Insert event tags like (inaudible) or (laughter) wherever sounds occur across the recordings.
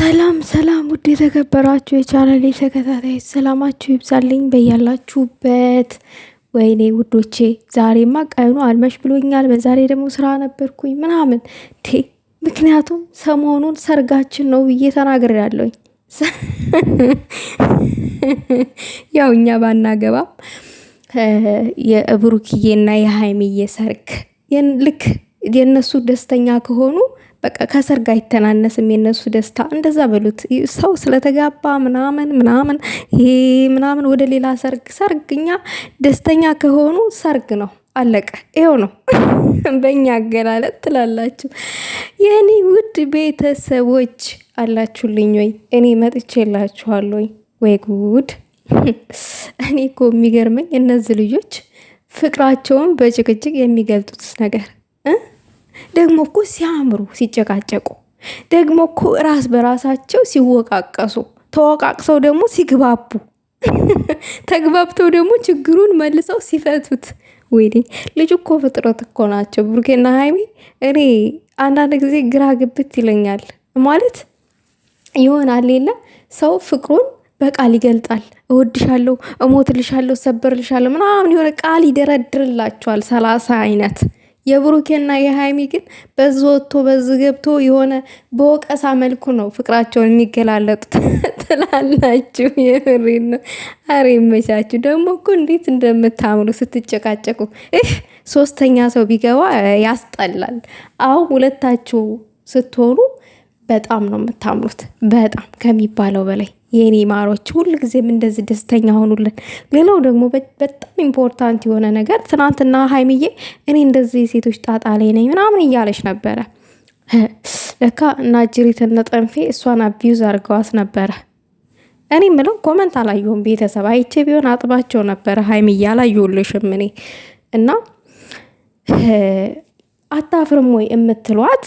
ሰላም ሰላም ውድ የተከበራችሁ የቻናሌ ተከታታይ ሰላማችሁ ይብዛልኝ በያላችሁበት። ወይኔ ውዶቼ ዛሬማ ቀኑ አልመሽ ብሎኛል። በዛሬ ደግሞ ስራ ነበርኩኝ ምናምን። ምክንያቱም ሰሞኑን ሰርጋችን ነው ብዬ ተናግሬያለሁኝ። (laughs) ያው እኛ ባናገባም የብሩክዬና የሀይሚዬ ሰርግ ልክ የእነሱ ደስተኛ ከሆኑ በቃ ከሰርግ አይተናነስም የነሱ ደስታ። እንደዛ በሉት ሰው ስለተጋባ ምናምን ምናምን ይሄ ምናምን ወደ ሌላ ሰርግ ሰርግ ደስተኛ ከሆኑ ሰርግ ነው አለቀ። ይኸው ነው (laughs) በእኛ አገላለጥ ትላላችሁ። የእኔ ውድ ቤተሰቦች አላችሁልኝ ወይ? እኔ መጥቼላችኋለሁ ወይ? ወይ ጉድ! (laughs) እኔ እኮ የሚገርመኝ እነዚህ ልጆች ፍቅራቸውን በጭቅጭቅ የሚገልጡት ነገር ደግሞ እኮ ሲያምሩ ሲጨቃጨቁ፣ ደግሞ እኮ ራስ በራሳቸው ሲወቃቀሱ፣ ተወቃቅሰው ደግሞ ሲግባቡ፣ (laughs) ተግባብተው ደግሞ ችግሩን መልሰው ሲፈቱት ወይኔ ልጅ እኮ ፍጥረት እኮ ናቸው ብሩኬና ሀይሚ። እኔ አንዳንድ ጊዜ ግራ ግብት ይለኛል ማለት ይሆናል የለ ሰው ፍቅሩን በቃል ይገልጣል። እወድሻለሁ፣ እሞትልሻለሁ፣ ሰበርልሻለሁ ምናምን የሆነ ቃል ይደረድርላቸዋል ሰላሳ አይነት የብሩኬና የሃይሚ ግን በዚ ወጥቶ በዚ ገብቶ የሆነ በወቀሳ መልኩ ነው ፍቅራቸውን የሚገላለጡት (laughs) ትላላችሁ። የምሬ ነው። አሬ ይመቻችሁ። ደግሞ እኮ እንዴት እንደምታምሩ ስትጨቃጨቁ። ይህ ሶስተኛ ሰው ቢገባ ያስጠላል። አሁን ሁለታችሁ ስትሆኑ በጣም ነው የምታምሩት፣ በጣም ከሚባለው በላይ የኔ ማሮች ሁልጊዜም እንደዚህ ደስተኛ ሆኑልን። ሌላው ደግሞ በጣም ኢምፖርታንት የሆነ ነገር ትናንትና ሀይምዬ እኔ እንደዚህ የሴቶች ጣጣ ላይ ነኝ ምናምን እያለች ነበረ። (sniffs) ለካ ናጅሪትና ጠንፌ እሷን አቢዩዝ አድርገዋት ነበረ። እኔ ምለው ኮመንት አላየሁም። ቤተሰብ አይቼ ቢሆን አጥባቸው ነበረ። ሀይሚዬ አላየሁልሽም እኔ እና (sniffs) አታፍርም ወይ የምትሏት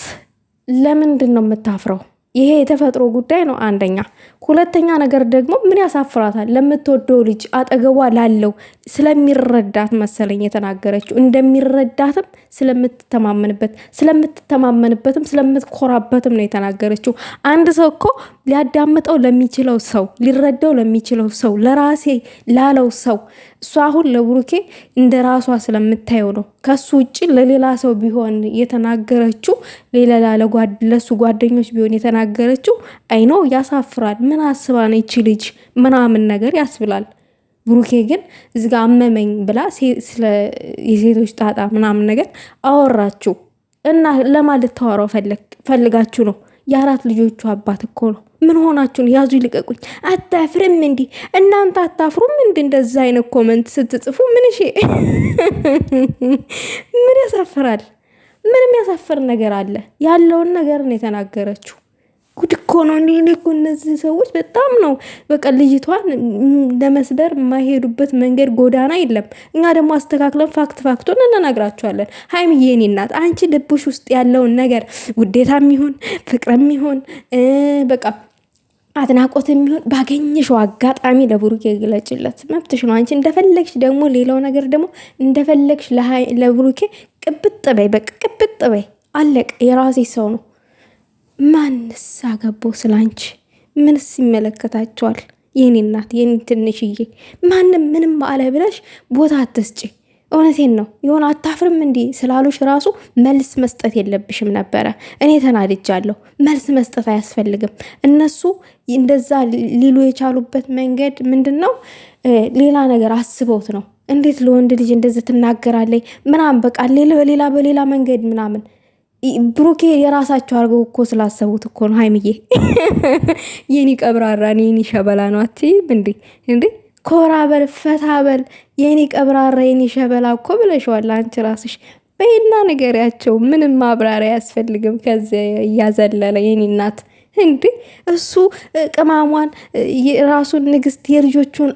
ለምንድን ነው የምታፍረው? ይሄ የተፈጥሮ ጉዳይ ነው። አንደኛ ሁለተኛ ነገር ደግሞ ምን ያሳፍራታል? ለምትወደው ልጅ አጠገቧ ላለው ስለሚረዳት መሰለኝ የተናገረችው። እንደሚረዳትም ስለምትተማመንበት ስለምትተማመንበትም ስለምትኮራበትም ነው የተናገረችው። አንድ ሰው እኮ ሊያዳምጠው ለሚችለው ሰው ሊረዳው ለሚችለው ሰው ለራሴ ላለው ሰው እሷ አሁን ለብሩኬ እንደ ራሷ ስለምታየው ነው። ከሱ ውጭ ለሌላ ሰው ቢሆን የተናገረችው ሌላ ለሱ ጓደኞች ቢሆን የተናገረችው አይኖ ያሳፍራል። ምን አስባ ነው ይቺ ልጅ ምናምን ነገር ያስብላል። ብሩኬ ግን እዚጋ አመመኝ ብላ ስለ የሴቶች ጣጣ ምናምን ነገር አወራችሁ እና ለማ ታወራው ፈልጋችሁ ነው። የአራት ልጆቹ አባት እኮ ነው። ምን ሆናችሁን? ያዙ ይልቀቁኝ። አታፍርም እንዲህ እናንተ አታፍሩም? እንዲ እንደዛ አይነት ኮመንት ስትጽፉ ምን እሺ፣ (laughs) ምን ያሳፍራል? ምንም ያሳፍር ነገር አለ? ያለውን ነገር ነው የተናገረችው። ጉድ እኮ ነው። እኔ እኮ እነዚህ ሰዎች በጣም ነው በቃ ልጅቷን ለመስበር የማይሄዱበት መንገድ ጎዳና የለም። እኛ ደግሞ አስተካክለን ፋክት ፋክቶን እንነግራቸዋለን። ሀይሚዬ የኔ እናት አንቺ ልብሽ ውስጥ ያለውን ነገር ውዴታም ይሁን ፍቅርም ይሁን በቃ አድናቆት የሚሆን ባገኘሽው አጋጣሚ ለብሩኬ ግለጭለት፣ መብትሽ ነው። አንቺ እንደፈለግሽ ደግሞ ሌላው ነገር ደግሞ እንደፈለግሽ ለብሩኬ ቅብጥ በይ፣ በቃ ቅብጥ በይ፣ አለቀ። የራሴ ሰው ነው። ማንስ ስለ አንቺ? ምንስ ይመለከታቸዋል? የኔ እናት፣ የኔ ትንሽዬ፣ ማንም ምንም አለ ብለሽ ቦታ አትስጪ። እውነቴን ነው የሆነ አታፍርም እንዲህ ስላሉሽ ራሱ መልስ መስጠት የለብሽም ነበረ። እኔ ተናድጃለሁ። መልስ መስጠት አያስፈልግም። እነሱ እንደዛ ሊሉ የቻሉበት መንገድ ምንድን ነው? ሌላ ነገር አስበውት ነው። እንዴት ለወንድ ልጅ እንደዚህ ትናገራለች ምናምን በቃ በሌላ በሌላ መንገድ ምናምን ብሩኬ የራሳቸው አድርገው እኮ ስላሰቡት እኮ ነው። ሀይምዬ (laughs) የኔ ቀብራራ የኔ ሸበላ ነው አትይም እንዴ? ኮራ በል ፈታ በል የኔ ቀብራራ የኔ ሸበላ እኮ ብለሽዋል አንቺ ራስሽ። በይና ንገሪያቸው። ምንም ማብራሪያ አያስፈልግም። ከዚ እያዘለለ የኔ እናት እንዴ እሱ ቅማሟን ራሱን ንግስት የልጆቹን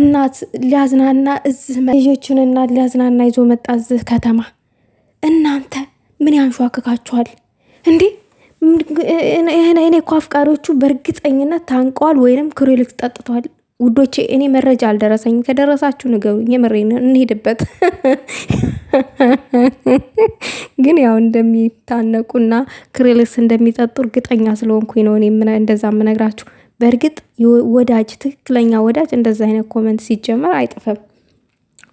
እናት ሊያዝናና እዚህ ልጆቹን እናት ሊያዝናና ይዞ መጣ እዚህ ከተማ። እናንተ ምን ያንሸዋክካችኋል እንዴ? እኔ እኮ አፍቃሪዎቹ በእርግጠኝነት ታንቀዋል ወይንም ክሪሊክስ ጠጥተዋል። ውዶቼ እኔ መረጃ አልደረሰኝ። ከደረሳችሁ ንገሩኝ። የምሬን እንሄድበት። (laughs) ግን ያው እንደሚታነቁና ክሬልስ እንደሚጠጡ እርግጠኛ ስለሆንኩኝ ነው እኔ እንደዛ የምነግራችሁ። በእርግጥ ወዳጅ፣ ትክክለኛ ወዳጅ እንደዛ አይነት ኮመንት ሲጀመር አይጥፍም።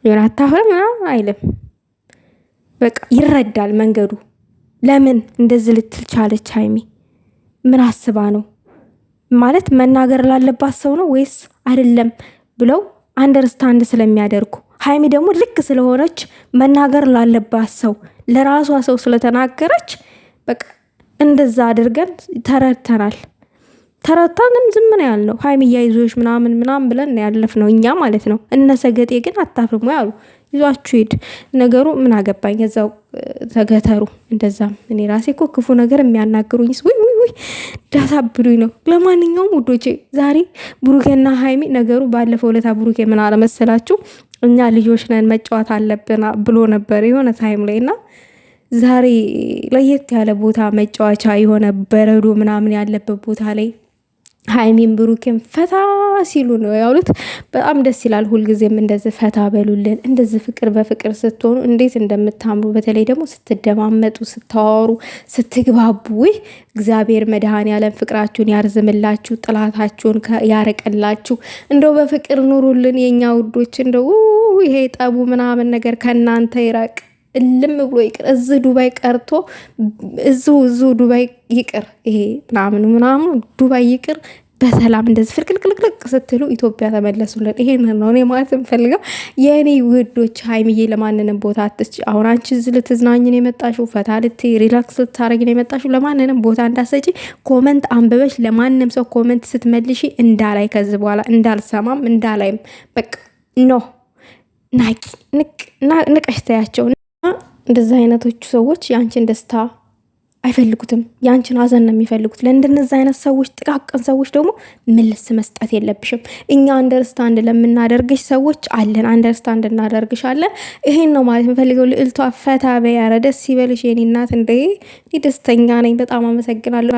ሆን አታፍርም አይልም። በቃ ይረዳል መንገዱ። ለምን እንደዚህ ልትል ቻለች? ሀይሚ ምን አስባ ነው? ማለት መናገር ላለባት ሰው ነው ወይስ አይደለም ብለው አንደርስታንድ ስለሚያደርጉ ሀይሚ ደግሞ ልክ ስለሆነች መናገር ላለባት ሰው ለራሷ ሰው ስለተናገረች በቃ እንደዛ አድርገን ተረድተናል። ተረታንም ዝም ነው ያልነው። ሀይሚ እያይዞች ምናምን ምናምን ብለን ያለፍ ነው እኛ ማለት ነው። እነሰገጤ ግን አታፍርሙ ያሉ ይዟችሁ ሂድ። ነገሩ ምን አገባኝ እዛው ተገተሩ። እንደዛም እኔ ራሴ እኮ ክፉ ነገር የሚያናግሩኝ ውይ ዳሳብሉኝ ነው። ለማንኛውም ውዶቼ ዛሬ ብሩኬና ሀይሚ ነገሩ ባለፈው ለታ ብሩኬ ምን አለመሰላችሁ እኛ ልጆች ነን መጫወት አለብን ብሎ ነበር የሆነ ታይም ላይ እና ዛሬ ለየት ያለ ቦታ መጫወቻ የሆነ በረዶ ምናምን ያለበት ቦታ ላይ ሀይሚን ብሩኬን ፈታ ሲሉ ነው ያሉት። በጣም ደስ ይላል። ሁልጊዜም እንደዚህ ፈታ በሉልን። እንደዚህ ፍቅር በፍቅር ስትሆኑ እንዴት እንደምታምሩ በተለይ ደግሞ ስትደማመጡ፣ ስታወሩ፣ ስትግባቡ ይህ እግዚአብሔር መድኃኔዓለም ፍቅራችሁን ያርዝምላችሁ፣ ጥላታችሁን ያረቀላችሁ። እንደው በፍቅር ኑሩልን የእኛ ውዶች። እንደው ይሄ ጠቡ ምናምን ነገር ከእናንተ ይራቅ። እልም ብሎ ይቅር። እዚህ ዱባይ ቀርቶ እዚሁ እዚሁ ዱባይ ይቅር፣ ይሄ ምናምኑ ምናምኑ ዱባይ ይቅር። በሰላም እንደዚህ ፍርቅልቅልቅልቅ ስትሉ ኢትዮጵያ ተመለሱልን። ይሄን ነው እኔ ማለት የምፈልገው የእኔ ውዶች። ሀይምዬ ለማንንም ቦታ አትስጭ። አሁን አንቺ እዚህ ልትዝናኝ የመጣሽው፣ ፈታ ልት ሪላክስ ልታረግን የመጣሽው። ለማንንም ቦታ እንዳሰጪ ኮመንት አንብበሽ ለማንም ሰው ኮመንት ስትመልሺ እንዳላይ፣ ከዚህ በኋላ እንዳልሰማም እንዳላይም። በቃ ኖ ናቂ ንቅ ንቀሽ ተያቸው። እንደዚህ አይነቶቹ ሰዎች የአንችን ደስታ አይፈልጉትም። የአንችን ሀዘን ነው የሚፈልጉት። ለእንደነዚ አይነት ሰዎች፣ ጥቃቅን ሰዎች ደግሞ ምልስ መስጠት የለብሽም። እኛ አንደርስታንድ ለምናደርግሽ ሰዎች አለን፣ አንደርስታንድ እናደርግሻለን። ይሄን ነው ማለት የምፈልገው። ልዕልቷ ፈታ በያረ ደስ ይበልሽ የኔ እናት። እንደ ደስተኛ ነኝ። በጣም አመሰግናለሁ።